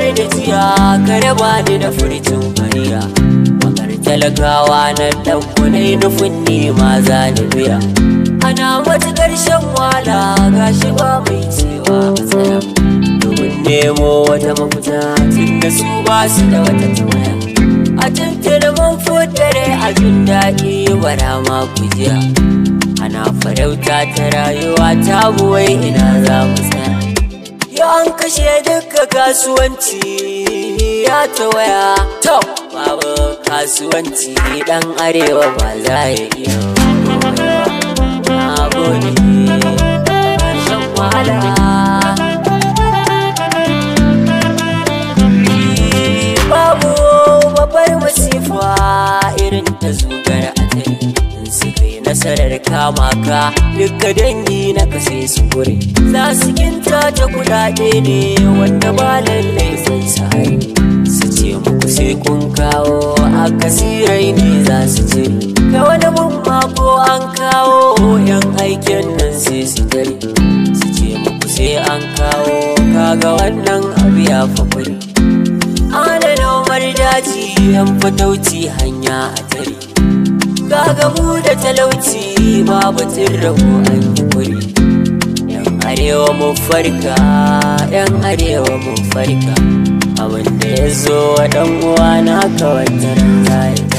har da tiya kare ba ni da furtun fariya bakar talakawa na ɗauko na yi nufin nema za ni biya ana matuƙar shan wala gashi ba mai cewa tsaya domin nemo wata mafita tun da su ba su da wata tawaya a tuntun mun fotare a jin daɗi bara ma kujiya ana farauta ta rayuwa ta buwai ina za mu kashe duka kasuwanci ya tawaya to babu kasuwanci dan arewa ba za ya iya abu ne nasarar kama ka duka dangi na ka sai su gure za su kinta ta kudade ne wanda ba lalle sun sai su ce muku sai kun kawo a kasirai ne za su ce ga wani mumma ko an kawo yan aikin nan sai su tare su ce muku sai an kawo kaga wannan abu ya fa kure Ana umar daji yan fatauci hanya a tare Gaga muda da talauci babu batun an Yan arewa mu farka, yan arewa mu farka ya zo wa ɗan uwa na kawai tarin